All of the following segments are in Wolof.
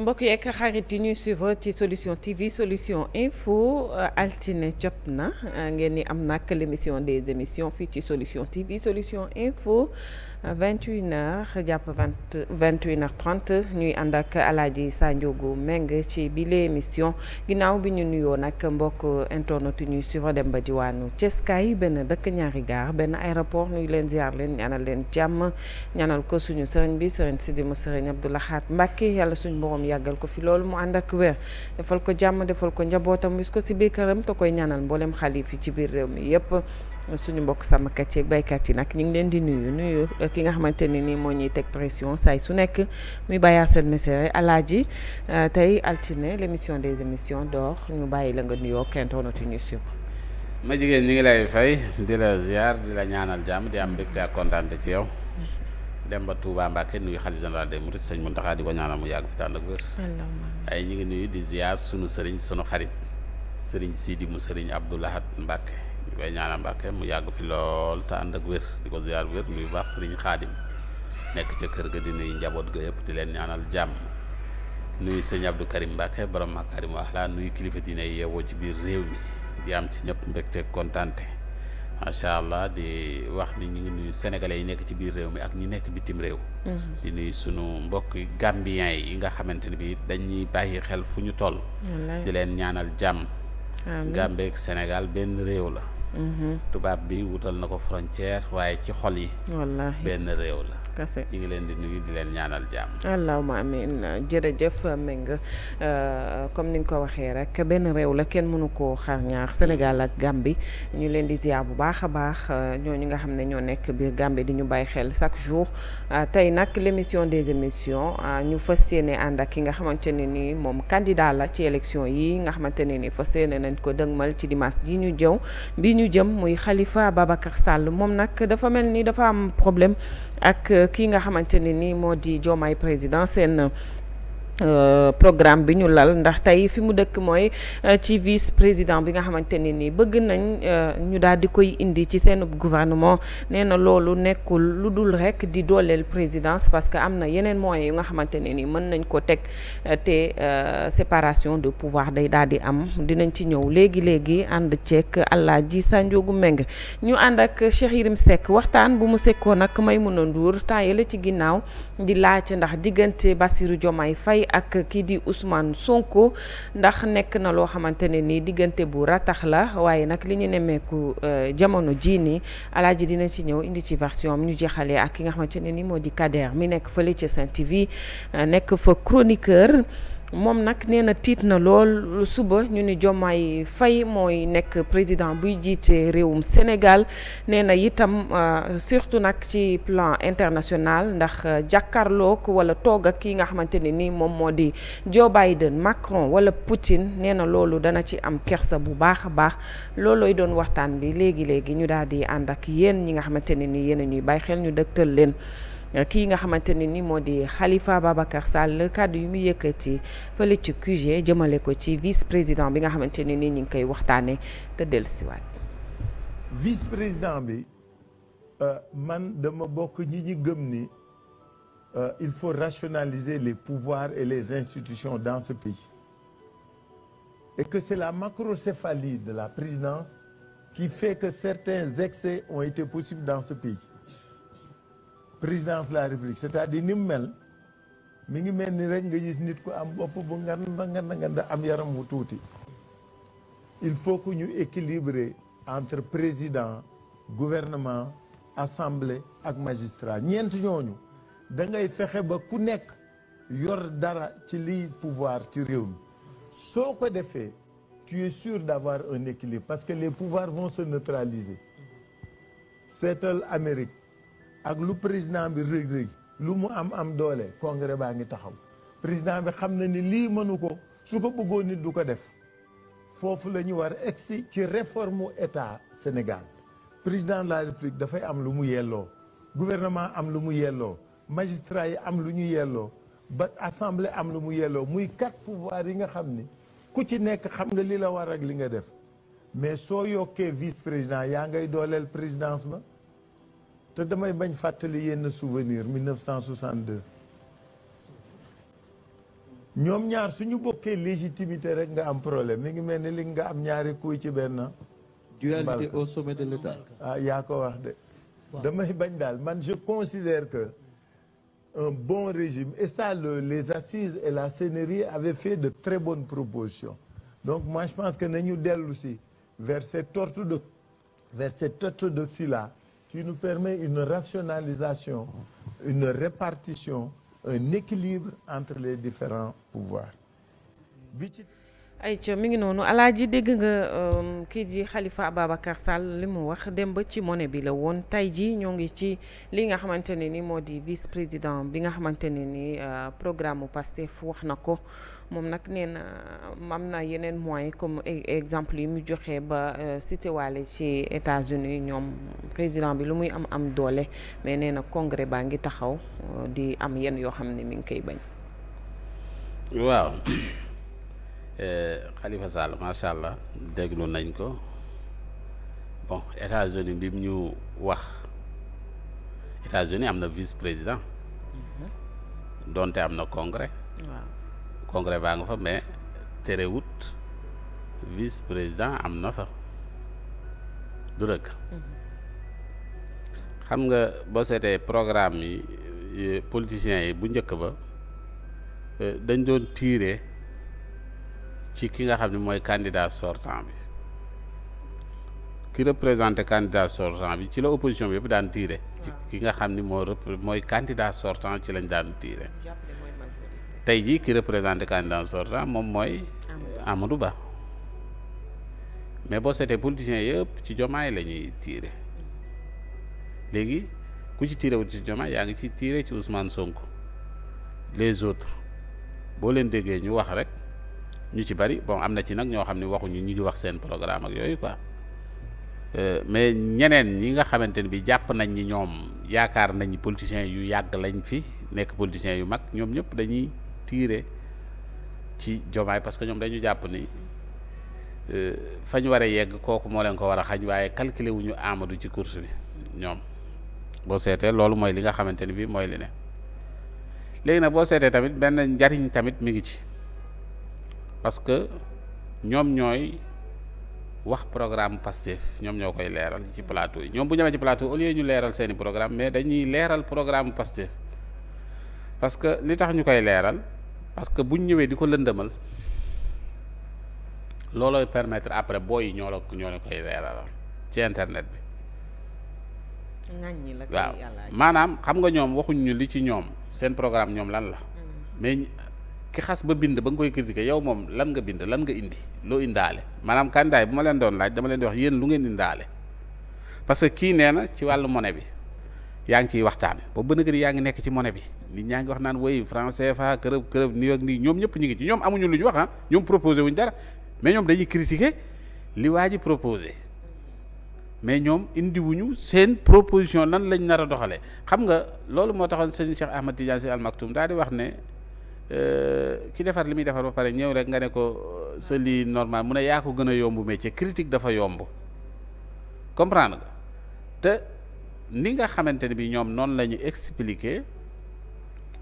mbokk yeeg xarit yi ñuy suivre ci solution TV solution info euh, altine jot na euh, ngeen ni am nak l' des émissions fii ci solution TV solution info. 21h jàpp 20 21h30 ñuy ànd ak alaaji Sanjogu Meng ci bile émission ginnaaw bi ñu nuyoo nag mbokk internet ñuy suivre dem ba diwaanu Thiès kaay benn dëkk ñaari gaar benn aéroport nuy leen ziar leen ñaanal leen jàmm ñaanal ko suñu sëriñ bi sëriñ Sidi mu sëriñ Abdou Lahad Mbacké yàlla suñu borom yàggal ko fi loolu mu ànd ak wér defal ko jàmm defal ko njabootam wis ko si biir këram te koy ñaanal mboolem xalif yi ci biir réew mi yëpp. suñu mbokk sàmmkat yi baykat yi nag ñu ngi leen di nuyu nuyu ki nga xamante ne nii moo ñuy teg pression saay su nekk muy bàyyaa seen mesere alaaji euh, tey altine l'émission des émissions d'or ñu bàyyi la nga nuyoo kentoonatu ñu suivre ma jigéen ñi ngi lay fay di la ziar di la ñaanal jàmm di am mbégte ak kontaante ci yow dem ba Touba Mbacke nuyu xalif général des mourides sëñ Mountakha di ko ñaanal mu yàgg fi ak wér ay ñi ngi nuyu di ziar sunu sëriñ sunu xarit sëriñ Sidi mu sëriñ Abdoulahat Mbacke ñu koy ñaanal Mbàkke mu yàgg fi lool te ànd ak wér di ko ziar wér nuyu baax sëriñ xaadim nekk ca kër ga di njaboot ga yëpp di leen ñaanal jàmm nuyu sëñ Abdou Karim Mbàkke borom Makarimu Axlaa nuyu kilifa diine yeewoo ci biir réew mi di am ci ñëpp kontaante macha allah di wax ni ñu ngi yi nekk ci biir réew mi ak ñi nekk bitim réew. Mm-hmm. di nuyu sunu mbokk gambien yi nga xamante ni bii dañuy bàyyi xel ñu toll. di ñaanal jàmm. Gambie Sénégal benn réew la. Mm-hmm. tubaab bi wutal na ko frontière waaye ci xol yi benn réew la kese ñu ngi leen di nuyu di leen ñaanal jàmm. allahumma euh, comme ni nga ko waxee rek benn réew la kenn mënu koo xar ñaar Sénégal ak Gambie ñu leen di ziar bu baax a baax ñoo euh, ñooñu nga xam ne ñoo nekk biir Gambie di ñu bàyyi xel chaque jour euh, tey nag l' émission des émissions ñu fas yéene ànd ak yi nga xamante ne nii moom candidat la ci élection yi nga xamante ne ni fas yéene nañ ko dëgmal ci dimanche ji ñu jëw bi ñu jëm muy xalifa Babacar sàll moom nag dafa mel nii dafa am problème. ak euh, kii nga xamante ne nii moo di Diomaye président na Euh, programme bi ñu lal ndax tey fi mu dëkk mooy euh, ci vice président bi nga xamante ne nii bëgg nañ euh, ñu daal di koy indi ci seen gouvernement nee na loolu nekkul lu dul rek di dooleel présidence parce que am na yeneen moyens yu nga xamante ne nii mën nañ ko teg te séparation de pouvoir day daal di am dinañ ci ñëw léegi léegi ànd ceek sa Sanjoogu Meng ñu ànd ak Cheikh Yirim Seck waxtaan bu mu sekkoon ak Maimouna Ndour temps yële ci ginnaaw di laaj ndax diggante Bassirou Diomaye ak kii di Ousmane Sonko ndax nekk na loo xamante ne nii diggante bu ratax la waaye nag li ñu nemmeeku euh, jamono jii nii ji dina ci ñëw indi ci version am ñu jeexalee ak ki nga xamante ne nii moo di Kader mi nekk fële ca Sen TV euh, nekk fa chroniqueur. moom nag nee na tiit na lool suba ñu ni Diomaye fay mooy nekk président buy jiite réewum Sénégal nee na itam euh, surtout nag ci plan international ndax euh, jàkkaarloog wala toog ak ki nga xamante ni nii moom moo di Joe Biden Macron wala Poutine nee na loolu dana ci am kersa bu baax a baax loolooy doon waxtaan bi léegi léegi ñu daal di ànd ak yéen ñi nga xamante ne ni yéen a ñuy bàyyi xel ñu dëgtal leen. Euh, kii nga xamante ne ni moo di xalifa Babacar Sall kàddu yi mu yëkkati fële ci QG jëmale ko ci vice président bi nga xamante ne ni ñu ngi koy waxtaanee te dellusiwaat. vice président bi euh, man dama bokk ñi ñi gëm ni euh, il faut rationaliser les pouvoirs et les institutions dans ce pays et que c'est la macrocéphalie de la présidence qui fait que certains excès ont été possibles dans ce pays. présidence la république c'est-à-dire ni mu mel mi ngi mel ni rek nga gis nit ku am bopp bu nganda nganda nganda am yaram wu tuuti il faut que ñu équilibrer entre président gouvernement assemblée ak magistrat ñeent ñooñu dangay fexe ba ku nekk yor dara ci liy pouvoir ci réew mi soo ko defee tu es sûr d'avoir un équilibre parce que les pouvoirs vont se neutraliser seetal Amérique ak lu président bi rëg-rëg lu mu am am doole congrès baa ngi taxaw président bi xam na ni lii mënu ko su ko bëggoon nit du ko def foofu la ñu war a egsi ci réforme état Sénégal président la république dafay am lu mu yelloo gouvernement am lu mu yelloo magistrat yi am lu ñu yelloo ba assemblée am lu mu yelloo muy quatre pouvoir yi nga xam ni ku ci nekk xam nga li la war ak li nga def mais soo yokkee vice président yaa ngay dooleel présidence ba te damay bañ fàttali yenn souvenir 1962 ñoom ñaar suñu bokkee légitimité rek nga am problème mi ngi mel ni li nga am ñaari kuy ci benn. dualité au sommet de ah, yaa ko wax de. damay bañ daal man je considère que un bon régime et ça le, les assises et la CNRI avaient fait de très bonnes propositions donc moi je pense que nañu dellu si vers cette orthodoxie vers cette orthodoxie là. qui nous permet une rationalisation, une répartition, un équilibre entre les différents pouvoirs. ayca mi ngi noonu alaaji dégg nga euh, ki ji xalifa Ababacar Sall li mu wax dem ba ci monnaie bi la woon tey ji ñoo ngi ci li nga xamante ne ni moo di vice président bi nga xamante ne ni euh, programme mu Pastef wax na ko. moom nag nee na am na yeneen moyens comme e-, exemple yi mu joxe ba euh, cité waale ci États-Unis ñoom président bi lu muy am am doole mais nee na congrès baa ngi taxaw euh, di am yenn yoo xam ne mi ngi koy bañ. waaw euh, Khalifa Sall macha allah déglu nañ ko bon États-Unis bi ñu wax États-Unis am na vice président. Mhm. donte am na congrès. congrès baa nga fa mais terewut vice président am na fa du dëkk mm-hmm. xam nga boo seetee programme yi politiciens yi bu njëkk ba euh, dañ doon tiire ci ki nga xam ne mooy candidat sortant bi ki représenté candidat sortant bi ci la opposition bi yëpp daan tiire ci ah. ki nga xam ni moo mooy candidat sortant ci lañ daan tiire tey jii ki représenté candidat sortant moom mooy Amadou Ba mais boo seetee politiciens yëpp ci jomaay la ñuy tiire léegi ku ci tiirewut ci jomaay yaa ngi ci tiire ci Ousmane sonk les autres boo leen déggee ñu wax rek ñu ci bari bon am na ci nag ñoo xam ne waxuñu ñu ngi wax seen programme ak yooyu quoi euh, mais ñeneen ñi nga xamante ne bi jàpp nañ ni ñoom yaakaar nañ ni politiciens yu yàgg lañ fi nekk politiciens yu mag ñoom ñëpp dañuy tiire ci jomaay parce que ñoom dañu jàpp ni euh, fañ war a yegg kooku moo leen ko war a xañ waaye calculer wuñu Amadou ci course bi ñoom boo seetee loolu mooy li nga xamante ni bii mooy li ne léegi nag boo seetee tamit benn njariñ tamit mu ngi ci parce que ñoom ñooy wax programme Pastef ñoom ñoo koy leeral ci plateau yi ñoom bu ñëwee ci plateau au lieu ñu leeral seeni programme mais dañuy leeral programme Pastef parce que li tax ñu koy leeral parce que buñ ñëwee di ko lëndëmal loolooy permettre après booy yi ñoo la ñoo la koy leeralal ci internet bi. waaw maanaam xam nga ñoom waxuñ ñu li ci ñoom seen programme ñoom lan la. Mm. mais ki xas ba bind ba nga koy critiquer yow moom lan nga bind lan nga indi loo indaale maanaam kàndaay bu ma leen doon laaj dama leen di wax yéen lu ngeen indaale parce que kii nee na ci wàllu mone bi. yaa ngi ciy waxtaan boobu ba nëgëri yaa ngi nekk ci monnaie bi nit ñaa ngi wax naan woy franc CFA kërëb kërëb nii ak nii ñoom ñëpp ñu ngi ci ñoom amuñu lu ñu wax ah ñoom proposé wuñ dara mais ñoom dañuy critiquer li waa ji proposé mais ñoom indiwuñu seen proposition nan lañu nar a doxalee xam nga loolu moo tax sëñ Cheikh Ahmad Tidiane Sy Al Maktoum daa di wax ne euh, ki defar li muy defar ba pare ñëw rek nga ne ko euh, sa lii normal mu ne yaa ko gën a yomb métier critique dafa yomb ni nga xamante ne bi ñoom noonu la ñu expliqué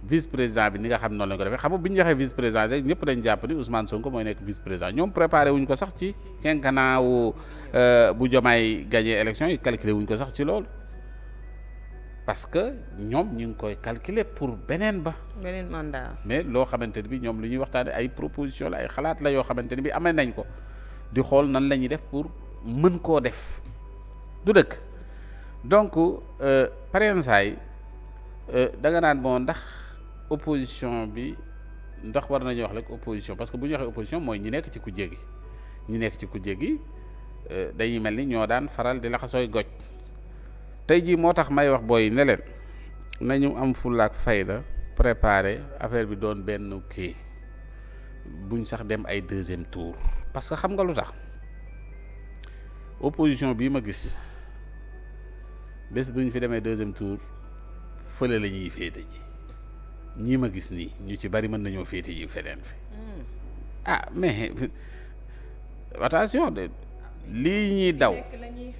vice président bi ni nga xam noonu la ñu ko defee xam nga bu ñu président rek ñëpp dañ jàpp ni Ousmane Sonko mooy nekk vice président ñoom préparé wuñ ko sax ci quinquennat wu euh, bu Diomaye gagné élection yi calculé wuñ ko sax ci loolu parce que ñoom ñu ngi koy calculer pour beneen ba. beneen mandat mais loo xamante ne bi ñoom lu ñuy waxtaane ay proposition la ay xalaat la yoo xamante ne bi amee nañ ko di xool nan la ñuy def pour mën koo def du dëkk. donc euh, pareen saay euh, da nga naan bon ndax opposition bi ndax war nañu wax rek opposition parce que bu ñu waxee opposition mooy ñi nekk ci kujje gi ñi nekk ci kujje gi euh, dañuy mel ni ñoo daan faral di laxasooy goj tey jii moo tax may wax booy ne nañu am fullaak fayda préparer affaire bi doon benn kii buñ sax dem ay deuxième tour parce que xam nga lu tax opposition bii ma gis bés bu ñu fi demee deuxième tour fële la ñuy féete ji ñii ma gis nii ñu ci bari mën nañoo féete ji feneen fi hmm. ah mais attention de lii ñuy daw.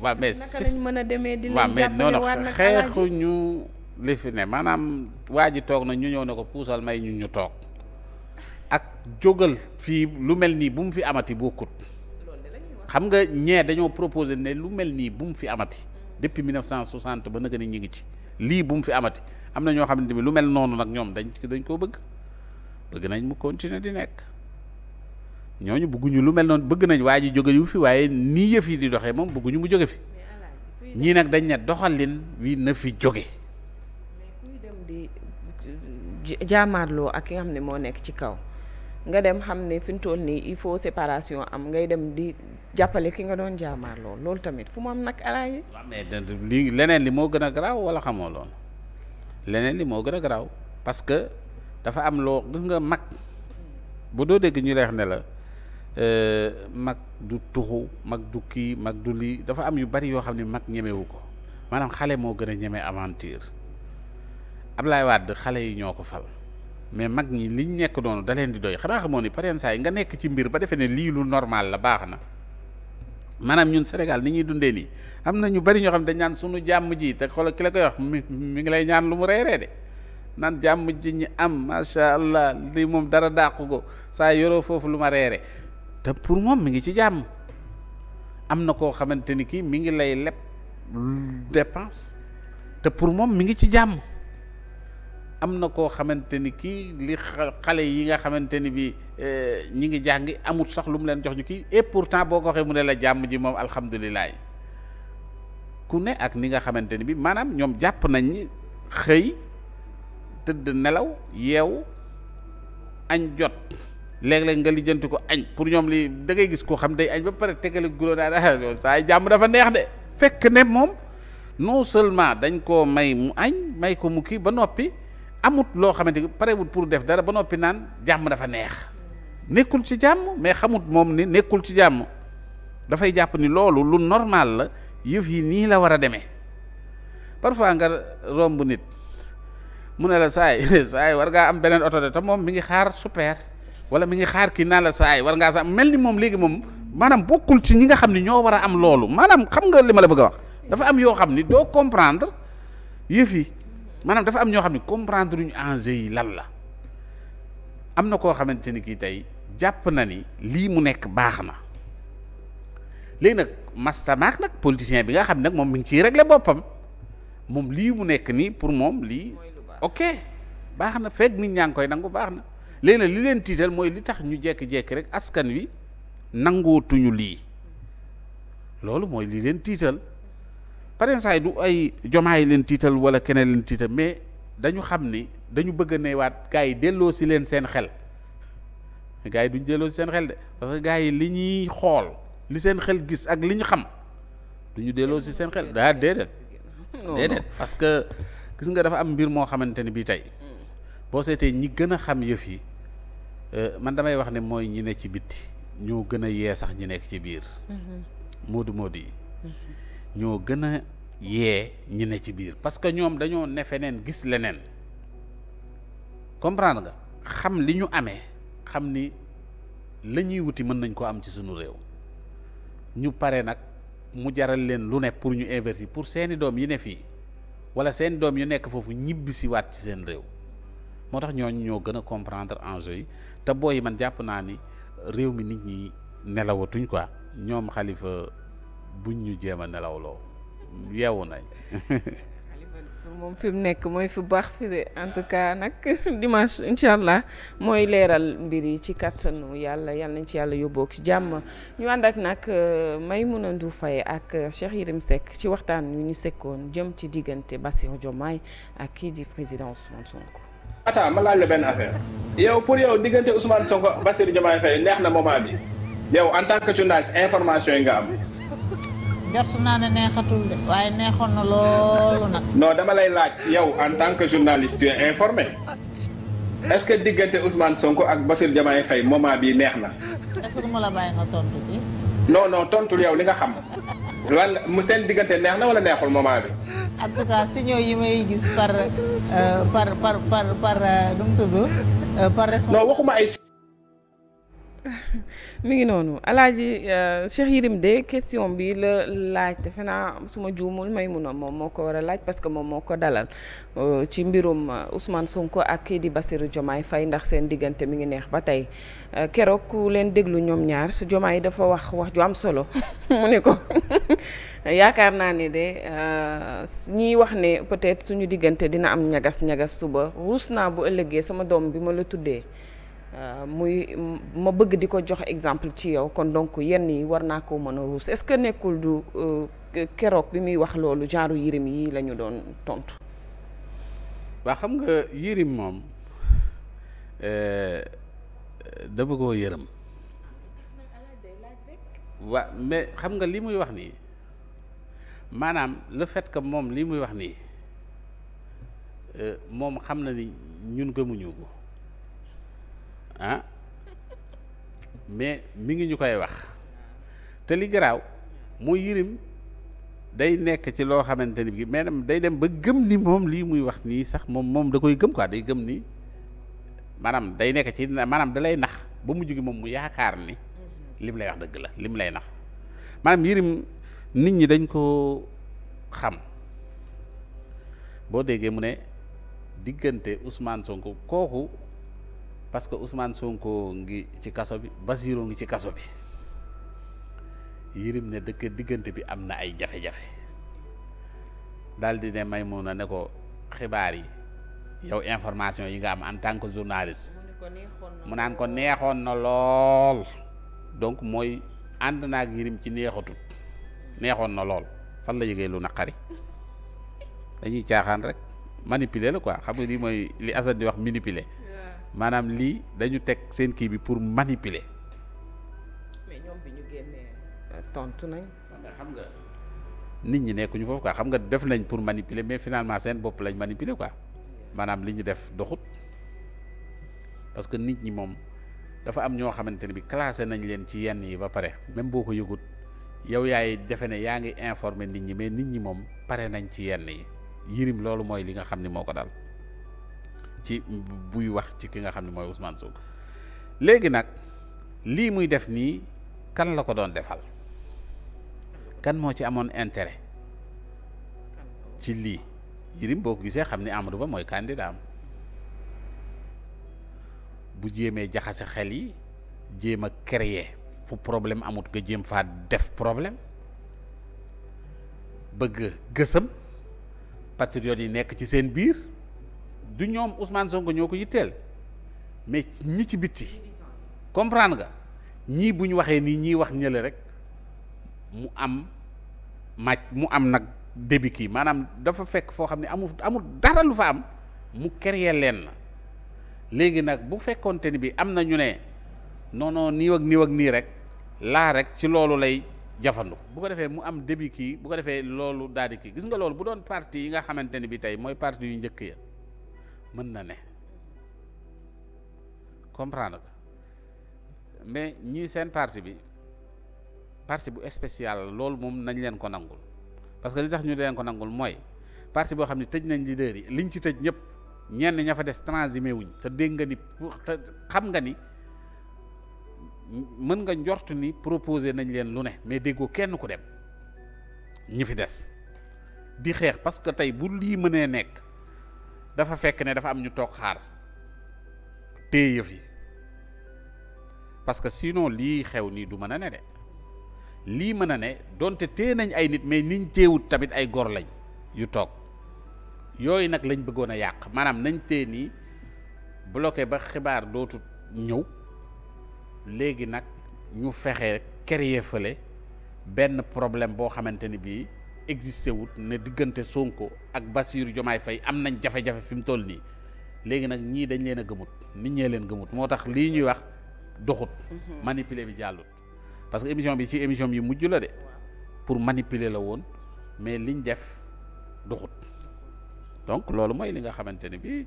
waaw mais si mën a demee di waaw mais non non maanaam waa ji toog na ñu ñëw ne ko puusal may ñu ñu toog ak jógal fii lu mel nii bu mu fi amati bokkut xam nga ñee dañoo proposé ne lu mel nii bu mu fi amati. depuis 1960 ba nag ni ñu ngi ci lii bu mu fi amati am na ñoo xam ne lu mel noonu nag ñoom dañ dañ koo bëgg bëgg nañ mu continuer di nekk ñooñu bëgguñu lu mel noonu bëgg nañ waa ji jóge yu fi waaye nii yëf yi di doxee moom bëgguñu mu jóge fi ñii nag dañ ne doxalin wi na fi jóge. jaamaarloo ak ki nga xam ne moo nekk ci kaw nga dem xam ne fi mu toll nii il faut séparation am ngay dem di jàppale ki nga doon jaamaar loolu loolu tamit fu mu am nag alaaji. waaw mais lii leneen li moo gën a garaaw wala xamoo loolu leneen li moo gën a garaaw parce que dafa am loo gis nga mag bu doo dégg ñu leex ne la euh, mag du tuxu mag du kii mag du lii dafa am yu bari yoo xam ne mag ñemewu ko maanaam xale moo gën a ñeme aventure Ablaye Wade xale yi ñoo ko fal mais mag ñi liñ nekk doonu daleen di doy xanaa xamoo ni pareen saa yi nga nekk ci mbir ba defee ne lii lu normal la baax na maanaam ñun Sénégal ni ñuy dundee nii am na ñu bari ñoo xam ne dañ suñu jàmm ji te xoolal ki la koy wax mi mi ngi lay ñaan lu mu reere de naan jàmm ji ñi am macha allah lii moom dara dàqu ko saa yoroo foofu lu ma reere te pour moom mi ngi ci jàmm am na koo xamante ni kii mi ngi lay leb dépense te pour moom mi ngi ci jàmm. am na koo xamante ni kii li xale yi nga xamante ni bi eh, ñi ngi jàngi amut sax lu mu leen jox ñu kii et pourtant boo ko waxee mu ne la jàmm ji moom alhamdulilah ku ne ak ni nga xamante ni bi maanaam ñoom jàpp nañ ni xëy tëdd nelaw yeewu añ jot léeg-léeg nga lijjanti ko añ pour ñoom li dangay gis koo xam day añ ba pare tegale guloo daal ah, saa yi jàmm dafa neex de fekk ne moom non seulement dañ koo may mu añ may ko mu kii ba noppi amut loo xamante ni parewut pour def dara ba noppi naan jàmm dafa neex nekkul ci jàmm mais xamut moom ni nekkul ci jàmm dafay jàpp ni loolu lu normal la yëf yi nii la war a demee parfois nga romb nit mu ne la saay saay war ngaa am beneen oto de te moom mi ngi xaar super wala mi ngi xaar kii naa la saay war ngaa sax mel ni moom léegi moom maanaam bokkul ci ñi nga xam ni ñoo war a am loolu maanaam xam nga li ma la bëgg a wax dafa am yoo xam ni doo comprendre yëf yi maanaam dafa am ñoo xam ne comprendre ñu enjeu yi lan la am na koo xamante ni kii tey jàpp na ni lii mu nekk baax na léegi nag mastamaak nag politicien bi nga xam ne nag moom mi ngi rek régler boppam moom lii mu nekk nii pour moom lii ok baax na fekk nit ñaa ngi koy nangu baax na léegi nag li leen tiital mooy li tax ñu jekki-jekki rek askan wi nangootuñu lii loolu mooy li leen tiital pareen saa yi du ay jomaay leen tiital wala keneen leen tiital mais dañu xam ni dañu bëgg a neewaat gars yi delloo si leen seen xel gars yi duñ delloo si seen xel de parce que gars yi li ñuy xool li seen xel gis ak li xam duñu delloo si seen xel ah, daa parce que gis nga dafa am mbir moo xamante ni bii tey mm. boo seetee ñi gën a xam yëf yi euh, man damay wax ne mooy ñi ne ci bitti ñoo gën a yee sax ñi nekk ci biir mm-hmm. moodu moodu yi mm-hmm. ñoo gën a yee ñi ne ci biir parce que ñoom dañoo nefe neen gis leneen comprendre nga xam li ñu amee xam ni la ñuy wuti mën nañ koo am ci suñu réew ñu pare nag mu jaral leen lu ne pour ñu investir pour seeni doom yi ne fii wala seen doom yu nekk foofu ñibbisi waat ci seen réew moo tax ñooñu ñoo gën a comprendre enjeu yi te booy man jàpp naa ni réew mi nit ñi nelawatuñ quoi ñoom xalifa buñ ñu jéem a nelawloo yeewu nañ. moom fi mu nekk mooy fi baax fi en tout cas nag dimanche incha allah mooy leeral mbir yi ci kattanu yàlla yàlla nañ ci yàlla yóbboo ci jàmm ñu ànd ak nag euh, Maimouna du Faye ak Cheikh Yérim Seck ci waxtaan yu ñu sekkoon jëm ci diggante Bassirou Diomaye ak kii di président Ousmane Sonko. attends ma laaj la benn affaire yow pour yow diggante Ousmane Sonko Bassirou Diomaye Faye neex na moment bi yow en tant que journaliste information yi jot naa ne neexatul de waaye neexoon na loolu nag. non dama lay laaj yow en tant que journaliste tu es informé est-ce que diggante Ousmane Sonko ak Bassirou Diomaye Faye moment bii neex na. est-ce que du la bàyyi nga tontu ci. non non tontul yow li nga xam. lan mu seen diggante neex na wala neexul moment bi. en tout cas yi may gis par euh, par par par par euh, nu mu euh, waxuma ay. mi ngi noonu alaaji euh, Cheikh Yirim de question bi la laaj defe naa su ma juumul Maymuna moom moo ko war a laaj parce que moom moo ko dalal euh, ci mbirum euh, Ousmane Sonko ak kii di Bassirou Diomaye fay ndax seen diggante mi ngi neex ba tey keroog ku leen déglu ñoom ñaar su yi dafa wax wax ju am solo mu ne ko yaakaar naa ne de ñiy wax ne peut-être suñu diggante dina am ñagas ñagas suba ruus naa bu ëllëgee sama doom bi ma la tuddee Euh, muy ma bëgg di ko jox exemple ci yow kon donc yenn yi war naa ko mën a ruus est que nekkul du euh, keroog bi muy wax loolu genre yirim yi la doon tontu. waa xam nga yirim moom euh, dama koo yërëm. waa mais xam nga li muy wax nii maanaam le fait que moom lii muy wax nii moom xam na ni ñun gëmuñu ko. ah mais mi ngi ñu koy wax te li garaaw mooy yirim day nekk ci loo xamante ni bi mais day dem ba gëm ni moom lii muy wax nii sax moom moom da koy gëm quoi day gëm ni maanaam day nekk ci maanaam da lay nax ba mu gi moom mu yaakaar ni lim lay wax dëgg la lim lay nax maanaam yirim nit ñi dañ ko xam boo déggee mu ne diggante Ousmane Sonko kooku parce que Ousmane Sonko ngi ci kaso bi Basirou ngi ci kaso bi Yérim ne dëkk diggante bi am na ay jafe-jafe daal di ne Maymuna ne ko xibaar yi yow information yi nga am en tant que journaliste mu naan ko neexoon na lool donc mooy ànd naa ak Yérim ci neexatut neexoon na lool fan la yëgee lu naqari dañuy caaxaan rek manipuler la quoi xam nga lii mooy li Assane di wax manipuler maanaam lii dañu teg seen kii bi pour manipuler. mais ñoom euh, tontu nañ. xam nga nit ñi nekkuñu foofu quoi xam nga def nañ pour manipuler mais finalement seen bopp lañ manipuler quoi maanaam li ñu def doxut parce que nit ñi moom dafa am ñoo xamante ne bi classé nañ leen ci yenn yi ba pare même boo ko yëgut yow yaay defe ne yaa ngi informer nit ñi mais nit ñi moom pare nañ ci yenn yi yirim loolu mooy li nga xam ni moo ko dal. ci buy wax ci ki nga xam ne mooy Ousmane Sonko léegi nag lii muy def nii kan la ko doon defal kan moo ci amoon intérêt ci lii Yérim boo ko gisee xam ni Amadou Ba mooy candidat am bu jéemee jaxase xel yi jéem a créer fu problème amut nga jéem faa def problème bëgg gësam patriote yi nekk ci seen biir du ñoom Ousmane Sonko ñoo ko yitteel mais ñi ci bitti comprendre ga ñii bu ñu waxee nii ñii wax ñële rek mu am màcc mu am nag débi kii maanaam dafa fekk foo xam ne amul amul dara lu fa am mu créer leen la léegi nag bu fekkonte ni bi am na ñu ne non non nii ak nii ak nii rek laa rek ci loolu lay jafandu bu ko defee mu am débi kii bu ko defee loolu daal di kii gis nga loolu bu doon parti yi nga xamante ni bi tey mooy parti yu njëkk ya mën na ne comprendre que mais ñii seen parti bi parti bu spécial loolu moom nañ leen ko nangul parce que li tax ñu leen ko nangul mooy parti boo xam ne tëj nañ leader yi liñ ci tëj ñëpp ñenn ña fa des transhumé wuñ te dégg nga ni pour te xam nga ni mën nga njort ni proposé nañ leen lu ne mais déggoo kenn ku dem ñi fi des di xeex parce que tey bu lii mënee nekk dafa fekk ne dafa am ñu toog xaar téye yëf yi parce que sinon lii xew nii du mën a ne de lii mën a ne donte téye nañ ay nit mais niñ téewut tamit ay gor lañ yu toog yooyu nag lañ bëggoon a yàq maanaam nañ tee nii bloke ba xibaar dootu ñëw léegi nag ñu fexe créer benn problème boo xamante ni bii existé wut ne diggante Sonko ak Bassirou jomaay fay am nañ jafe-jafe fi mu toll nii léegi nag ñii dañ leen a gëmut nit ñee leen gëmut moo tax lii ñuy wax doxut. Mhm. manipuler bi jàllut parce que émission bi ci émission yi mujj la de pour manipuler la woon mais liñ def doxut donc loolu mooy li nga xamante ne bi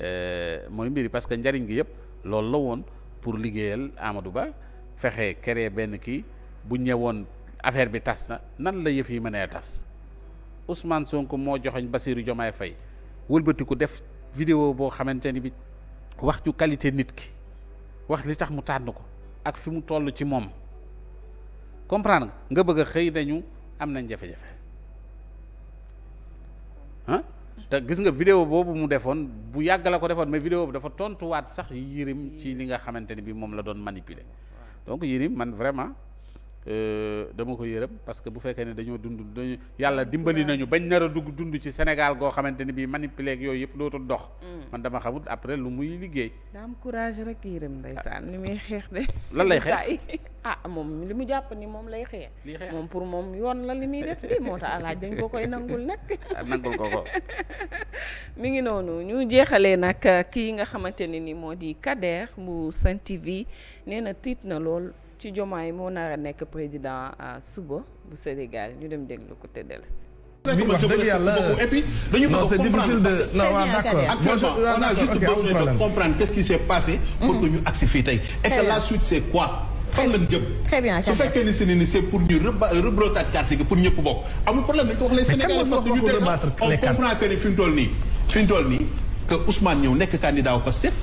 euh, mooy mbir parce que njariñ gi yëpp loolu la woon pour liggéeyal Amadou Ba fexe créer benn kii bu ñëwoon. affaire bi tas na nan la yëf yi mënee tas Ousmane sonk moo joxoñ Bassirou Diomaye Faye wëlbatiku def vidéo boo xamante ni bi wax ju qualité nit ki wax li tax mu tànn ko ak fi mu toll ci moom comprendre nga nga bëgg a xëy nañu am nañ jafe-jafe te gis nga vidéo boobu mu defoon bu yàggale ko defoon ma vidéo bi dafa tontuwaat sax Yérim ci li nga xamante ni bi moom la doon manipile donc Yérim man vraiment Euh, dama ko yërëm parce que bu fekkee ne dañoo dund dañu yàlla dimbali nañu bañ nar a dugg dund ci Sénégal goo xamante ni bii manipulé ak yooyu yëpp dootul dox. Mm. man dama xamut après lu muy liggéey. daa am courage rek yërëm ndeysaan ni ah. muy xeex de. lan lay xeex ah moom li mu jàpp ni moom lay xeex. li moom pour moom yoon la li muy def moo tax alaaj dañ ko koy nangul nag. Ah, nangul ko ko. mi ngi noonu ñu jeexalee nag kii nga xamante ne ni moo di Kader mu Sen TV nee na tiit na lool. ci Diomaye moo nar a nekk président euh, suba bu Sénégal ñu dem déglu ko te dellusi. mi wax dëgg yàlla et puis dañu bëgg a comprendre parce que actuellement on a pour mm. que ñu agsi fii tey. et la suite c'est quoi. fan très bien su fekkee ni si ne pour ñu ñëpp bokk amul problème dañ ko wax les Sénégalais parce que ñu dee sax on comprend que fi mu toll nii fi mu toll nii que Ousmane ñëw nekk candidat au Pastef.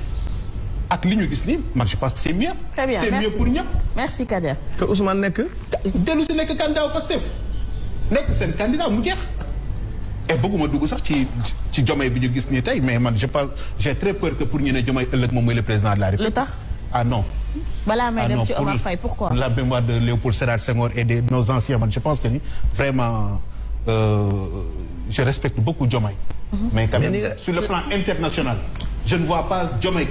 ak li ñu gis ni man je pense que c'est mieux. très bien c'est mieux pour ñëpp. merci Kader. que Ousmane nekk. dellu si nekk candidat Pastef nekk seen candidat mu jeex. et bëgguma dugg sax ci ci Diomaye bi ñu gis ni tey mais man je pense j'ai très peur que pour ñu ne Diomaye ëllëg moom mooy le président de la République. lu tax ah non. balaa may ah, dem ci Omar Faye pourquoi. la mémoire de Léopold Sédar Senghor et de nos anciens man je pense que ni vraiment euh, je respecte beaucoup Diomaye. Mm-hmm. mais quand même le plan international je vois pas Diomaye.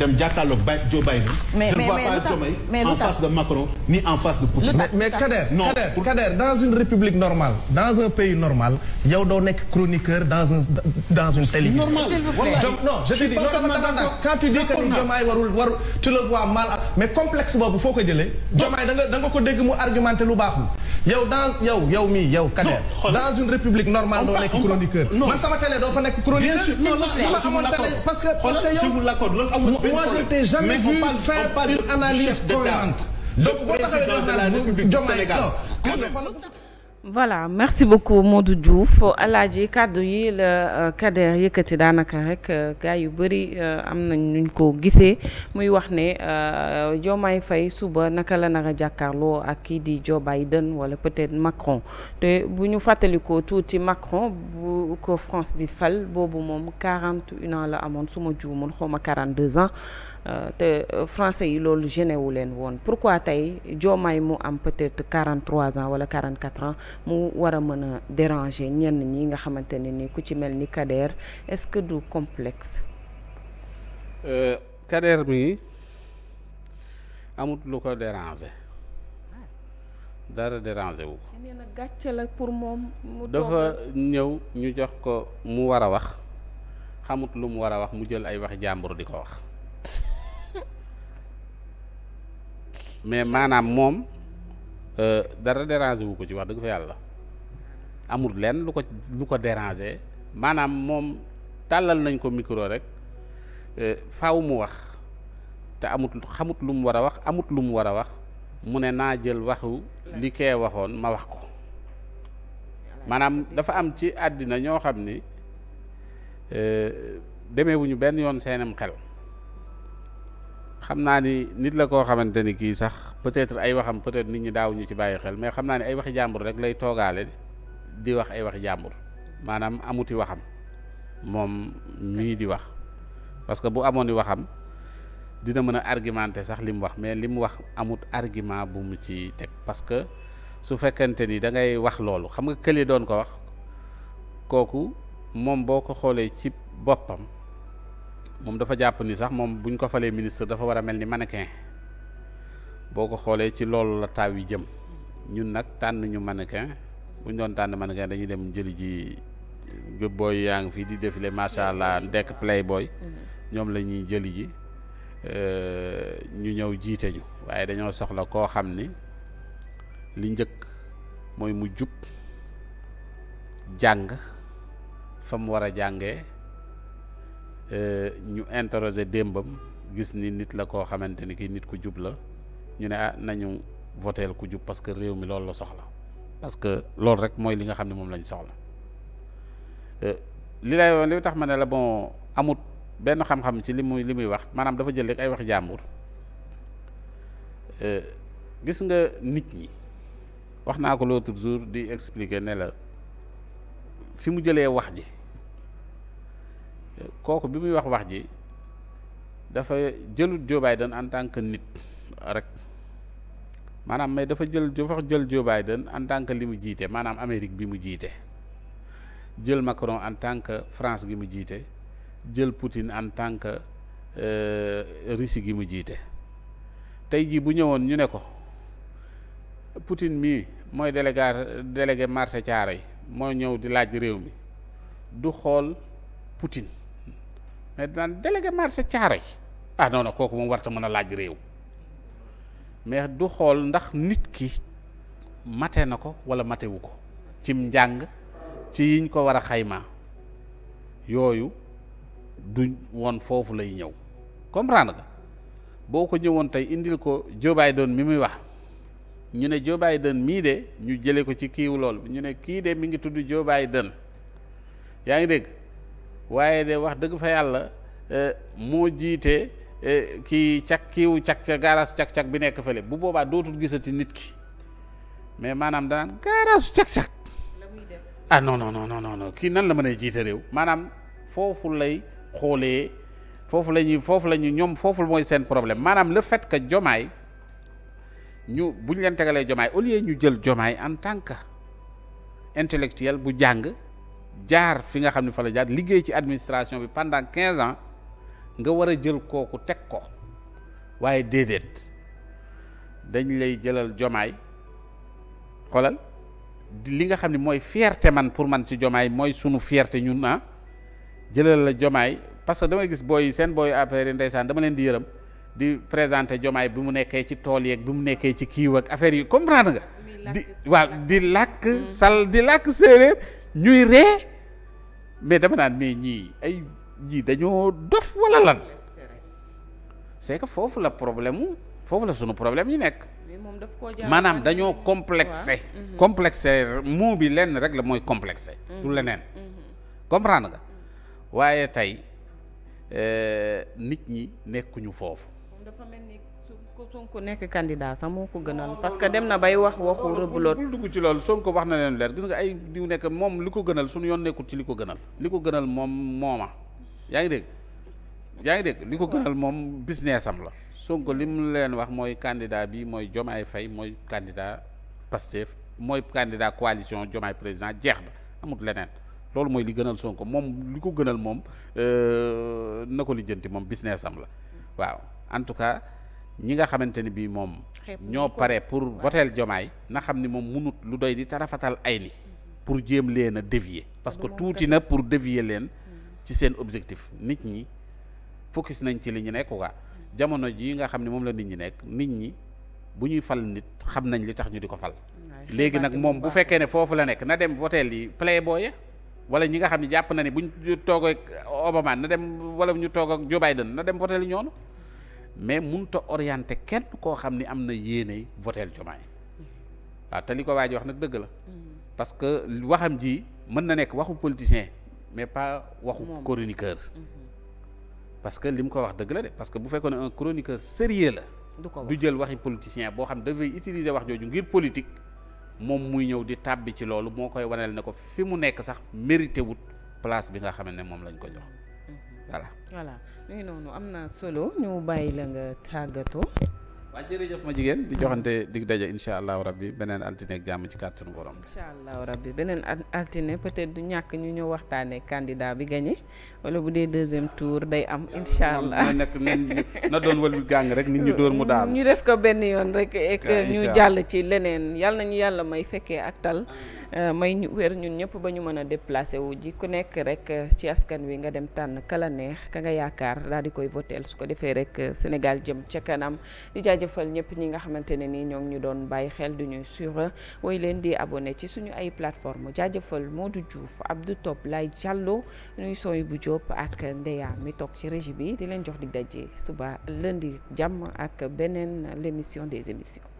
dem jàkkaarloog Baye Joe Biden. mais mais mais en face de Macron ni en face de Poutine. mais mais Kader. Kader Kader dans une république normale. dans un pays normal yow doo nekk chroniqueur dans un dans une télévision. donc non je te dis non quand ma dis que Diomaye warul warul tu le vois mal mais complexe boobu foo ko jëlee. Diomaye da nga da ko dégg mu argumenté lu baaxul. yow dans yow yow mii yow Kader. dans une république normale doo nekk chroniqueur. man sama télé doo fa nekk chroniqueur. bien sûr non non non parce que parce que yow. moi je t'ai jamais vu faire une analyse cohérente donc boo taxawee doo naan Diomaye non. voilà merci beaucoup du Diouf alaaji kàddu yi la euh, Kader yëkkati daanaka rek euh, gars yu bëri euh, am nañ nuñ ko gisee muy wax ne Diomaye fay suba naka la nar a jàkkaarloo ak kii di Joe Biden wala peut-être Macron te bu ñu fàttali ko tuuti Macron bu ko France di fal boobu moom 41 ans la amoon su ma juumul xaw ma 42 ans Euh, te euh, français yi loolu gêné wu leen woon pourquoi tey Diomaye mu am peut-être 43 ans wala 44 ans mu war a mën a déranger ñenn ñi nga xamante ne ni ku ci mel ni Kader est-ce que du complexe. Euh, Kader mi amut lu ko déranger dara déranger wu ko. nee gàcce la pour moom. mu dafa ñëw ñu jox ko mu war a wax xamut lu mu war a wax mu jël ay wax jàmbur di ko wax. mais maanaam moom euh, dara déranger wu ko ci wax dëgg fa yàlla amul leen lu ko lu ko déranger maanaam moom tàllal nañ ko micro rek euh, faw mu wax te amut xamut lu mu war a wax amut lu mu war a wax mu ne naa jël waxu li kee waxoon ma wax ko maanaam dafa am ci àddina ñoo xam ni euh, demeewuñu benn yoon seenam xel xam naa ni nit la koo xamante ni kii sax peut-être ay waxam peut-être nit ñi daawuñu ci bàyyi xel mais xam naa ni ay waxi jàmbur rek lay toogaale di wax ay waxi jàmbur maanaam amuti waxam moom mii di wax parce que bu amoon i waxam dina mën a argumenter sax li mu wax mais li mu wax amut argument bu mu ci teg parce que su fekkente ni da ngay wax loolu xam nga kële doon ko wax kooku moom boo ko xoolee ci boppam moom dafa jàpp ni sax moom buñ ko falee ministre dafa war a mel ni mannequin boo ko xoolee ci loolu la taaw yi jëm ñun nag tànn ñu mannequin bu ñu doon tànn mannequin dañuy dem jëli ji booy yaa ngi fii di défilé macha allah dekk playboy mm-hmm. ñoom la ñuy jëli ji ñu ñëw jiite ñu waaye dañoo soxla koo xam ni li njëkk mooy mu jub jàng fa mu war a jànge Euh, ñu interroger démbam gis ni nit la koo xamante ni kii nit ku jub la ñu ne ah nañu voteel ku jub parce que réew mi loolu la soxla parce que loolu rek mooy li nga xam ne moom lañ soxla euh, li lay woon li tax ma ne la bon amut benn xam-xam ci li muy li muy wax maanaam dafa jël rek ay wax jàmbur euh, gis nga nit ñi wax naa ko l'autre jour di expliquer ne la fi mu jëlee wax ji kooku bi muy wax wax ji dafa jëlut Joe Biden en tant que nit rek maanaam mais dafa jël dafa jël Joe en tant que li mu jiite maanaam Amérique bi mu jiite jël Macron en tant que France gi mu jiite jël Poutine en tant que euh, Russie gi mu jiite tey jii bu ñëwoon ñu ne ko Poutine mii mooy délégué délégué marché Thiaroye yi moo ñëw di laaj réew mi du xool Poutine mais dinaan délégué marché caara yi ah non non kooku moom warta mën a laaj réew mais du xool ndax nit ki mate na ko wala matewu ko cim njàng ci yiñ ko war a xaymaa yooyu duñ woon foofu lay ñëw comprendre nga boo ko ñëwoon tey indil ko Joe Biden mi muy wax ñu ne Joe Biden mii de ñu jële ko ci kiiw lool ñu ne kii de mi ngi tudd Joe Biden yaa ngi dégg waaye de wax dëgg fa yàlla euh, moo jiite euh, kii cak kiiwu cak gaaraas cak-cak bi nekk fële bu boobaa dootul gisati nit ki mais maanaam danaan gaaraasu cak-cak ah non non non non kii nan la mën a jiite réew maanaam foofu lay xoolee foofu la ñuy foofu la ñu ñoom foofu mooy seen problème maanaam le fait que jomaay ñu bu ñu leen tegalee jomaay au lieu ñu jël jomaay en tant que intellectuel bu jàng jaar fi nga xam ne fa la jaar liggéey ci administration bi pendant quinze ans nga war a jël kooku teg ko waaye déedéet dañu lay jëlal jomaay xoolal li nga xam ne mooy fierté man pour man ci jomaay mooy sunu fierté ñun a ah. jëlal la jomaay parce que damay gis booy seen booy affaire yi ndeysaan dama leen di yërëm di présenté jomaay bi mu nekkee ci tool yeeg bi mu nekkee ci kiiw ak affaire yi comprendre nga di waaw di làkk sal di làkk mm. séeréer ñuy ree mais dama naan mais ñii ay ñii dañoo dof wala lan c'est que foofu la problème foofu la sunu problème yi nekk maanaam dañoo complexe mm-hmm. complexe mot bi lenn rek la mooy complexé du mm-hmm. leneen mm-hmm. comprendre nga waaye tey euh, nit ñi nekkuñu foofu Sonko nekk candidat sax moo ko gënal parce que dem na bay wax waxu rëbbuloot dugg ci loolu Sonko wax na leen leer gis nga ay diw moom li ko gënal suñu yoon nekkul li ko gënal li ko gënal moom mooma yaa ngi dégg yaa ngi dégg li ko gënal moom business am la Sonko li mu leen wax mooy candidat bi mooy Diomaye Faye mooy candidat Pastef mooy candidat coalition Diomaye président jeex ba amut leneen loolu mooy li gënal Sonko moom li ko gënal moom euh, na ko lijjanti moom business am la waaw en tout cas ñi nga xamante ni bii moom ñoo pare pour voteel jomaay na xam ni moom munut lu doy di tarafatal ay ni mhm. pour jéem leen a dévier parce que tuuti na pour dévier leen mhm. ci seen objectif nit ñi focus nañ ci li ñu nekk quoi mhm. jamono ji nga xam ne moom la nit ñi nekk nit ñi bu ñuy fal nit xam nañ li tax ñu di ko fal léegi nag moom bu fekkee ne foofu la nekk na dem voteel yi playboy wala ñi nga xam ne jàpp na ne bu ñu toog ak Obama na dem wala ñu toog ak Joe Biden na dem voteel yi ñoonu mais mënut a orienté kenn koo xam ni am na yéene voteel Diomaye waaw te li ko waa ji wax nag dëgg la mm. parce que waxam ji mën na nekk waxu politicien mais pas waxu chroniqueur mm-hmm. parce que li mu ko wax dëgg la de parce que bu fekkoon ne un chroniqueur sérieux la du jël waxi politicien boo xam dafay utiliser wax jooju ngir politique moom muy ñëw di tàbbi ci loolu moo koy waneel ne ko fi mu nekk sax mérité wut place bi nga xam ne moom lañ ko jox mm-hmm. voilà. muy eh, noonu am naa solo ñu bàyyi la nga tàggatoo. waaw jërëjëf ma jigéen di joxante dig daje incha allahu rabbi beneen altine ak jàmm ci kàttanu borom bi. incha allahu rabbi beneen altine peut être du ñàkk ñu ñëw waxtaanee candidat bi gagné wala bu dee deuxième tour day am. incha allah nekk na doon wàllu gàng rek nit ñu door mu daal. ñu def ko benn yoon rek. ek ñu jàll ci leneen yal ñu yàlla may fekkee ak tal. may ñu wér ñun ñëpp ba ñu mën a déplacé wu ji ku nekk rek ci askan wi nga dem tànn kala neex ka nga yaakaar daal di koy votel su ko defee rek Sénégal jëm jaajëfal ñëpp ñi nga xamante ne nii ñoo ñu doon bàyyi xel du ñuy suivre way leen di abonné ci suñu ay plateforme jaajëfal Modou Diouf Abdou Top Lay jàlloo ñuy sooy bu Diop ak Ndeya mi toog ci régie bi di leen jox di daje suba di jàmm ak beneen émission des émissions